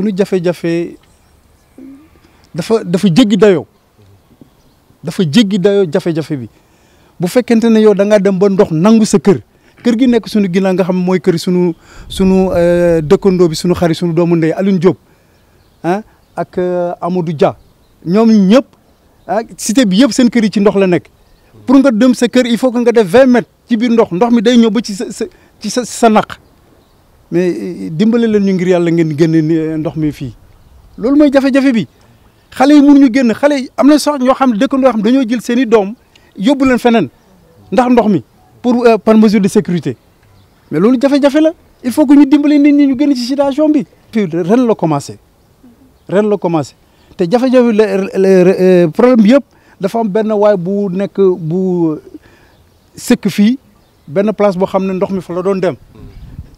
sunu jafe-jafe dafa dafa jéggi dayo dafa jéggi dayo jafe-jafe bi bu fekkenté né yow da nga dem ba ndox nangu sa kër kër gi nek sunu ginnaaw nga xam moy kër sunu sunu euh, dekkondo bi sunu xarit sunu doomu ndey Alioune job ah ak euh, Amadou Dia ñom ñëpp ah cité bi yëpp seen kër yi ci ndox la nek pour nga dem sa kër il faut que nga def 20 mètres ci bir ndox ndox mi day ñëw ba ci ci sa nak mais eh, dimbalé leen ñu ngir yàlla ngeen génne eh, ndox mi fii loolu mooy jafe-jafe bi xale yi mënuñu génn xale yi am na sax ñoo xam dëkkandoo xam dañoo jël seen i doom yóbbu leen feneen ndax ndox mi pour euh, par mesure de sécurité mais loolu jafe-jafe la il faut que ñu dimbale nit ñi ñu génn ci situation bi. puis ren la commencé ren la commencé te jafe-jafe le euh, euh, problème bi yëpp dafa am benn waay bu nekk bu sëkk fii benn place boo xam ne ndox mi fa la doon dem.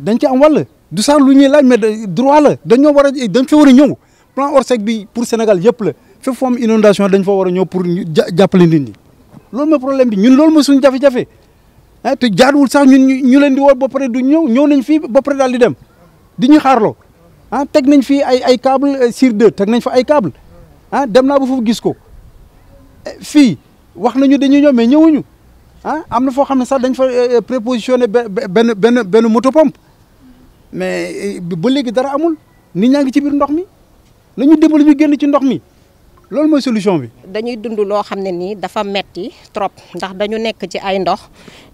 dañ ci am wàll du sax lu ñuy laaj mais droit la dañoo war a dañ fa war a ñëw plan Orsec bi pour Sénégal yëpp la fépp foo am inondation dañ fa war a ñëw pour jàppale nit ñi loolu mooy problème bi ñun loolu mooy suñu jafe-jafe ah te jaaduwul sax ñun ñu leen di woo ba pare du ñëw ñëw nañ fii ba pare daal di dem di ñu xaarloo ah teg nañ fii ay ay câble euh, sur deux teg nañ fa ay câble ah dem naa ba foofu gis ko eh, fii wax nañu dañuy ñëw mais ñëwuñu. Hein? ah fo xamné sax dañ fa euh, euh, prépositionné ben ben ben moto pompe mais euh, ba légui dara amul nit ñaa ci bir ndox mi lañu dimbali ñu genn ci ndox mi loolu moy solution bi. dañuy dund lo xamné ni dafa metti trop ndax dañu nekk ci ay ndox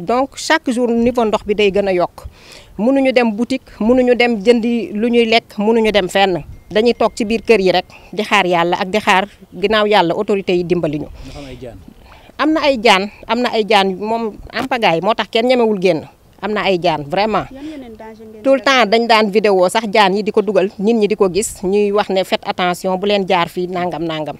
donc chaque jour niveau ndox bi day gën a yokk mënuñu dem boutique mënuñu dem jëndi lu ñuy lekk mënuñu dem fenn dañuy toog ci biir kër yi rek di xaar yàlla ak di xaar ginnaaw yàlla autorité yi dimbali ñu. am na ay jaan am na ay jaan moom ampagaay moo tax kenn ñemewul génn am na ay jaan vraiment. tout le temps dañ daan vidéo sax jaan yi di ko dugal nit ñi di ko gis ñuy wax ne faites attention bu leen jaar fii nangam nangam.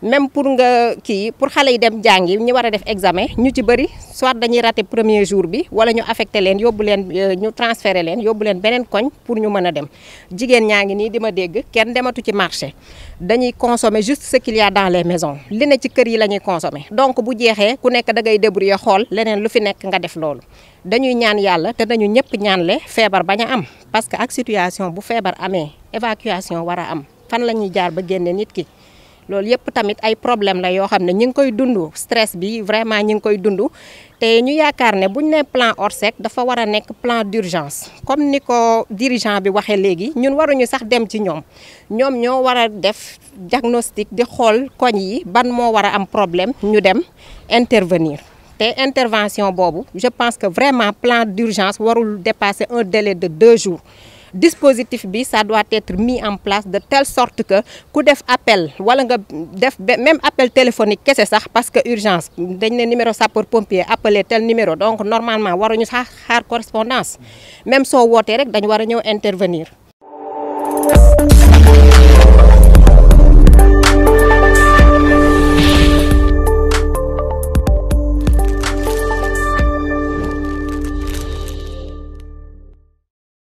même pour nga kii pour xale yi dem jàngi ñu war a def examen ñu ci bëri soit dañuy raté premier jour bi wala ñu affecté leen yóbbu leen euh, ñu transféré leen yóbbu leen beneen koñ pour ñu mën a dem jigéen ñaa ngi nii di ma dégg kenn dematu ci marché dañuy consommer juste ce qu'il dans les maisons li ne ci kër yi la ñuy consommer donc bu jeexee ku nekk da ngay débrouiller xool leneen lu fi nekk nga def loolu dañuy ñaan yàlla te nañu ñëpp ñaanle feebar bañ am parce que ak situation bu feebar amee évacuation war a am fan la ñuy jaar ba génne nit ki loolu yëpp tamit ay problème la yoo xam ne ñu ngi koy dund stress bi vraiment ñu ngi koy dund te ñu yaakaar ne buñ ne plan Orsec dafa war a nekk plan d'urgence comme ni ko dirigeant bi waxee léegi ñun waruñu sax dem ci ñoom ñoom ñoo war a def diagnostic di xool koñ yi ban moo war a am problème ñu dem intervenir te intervention boobu je pense que vraiment plan d'urgence warul dépasser un délai de deux jours dispositif bi ça doit être mis en place de telle sorte que ku def appel wala nga def même appel téléphonique que sax parce que urgence dañ un numéro sapeur pompier appeler tel numéro donc normalement waruñu sax une correspondance même si woté rek dañ wara intervenir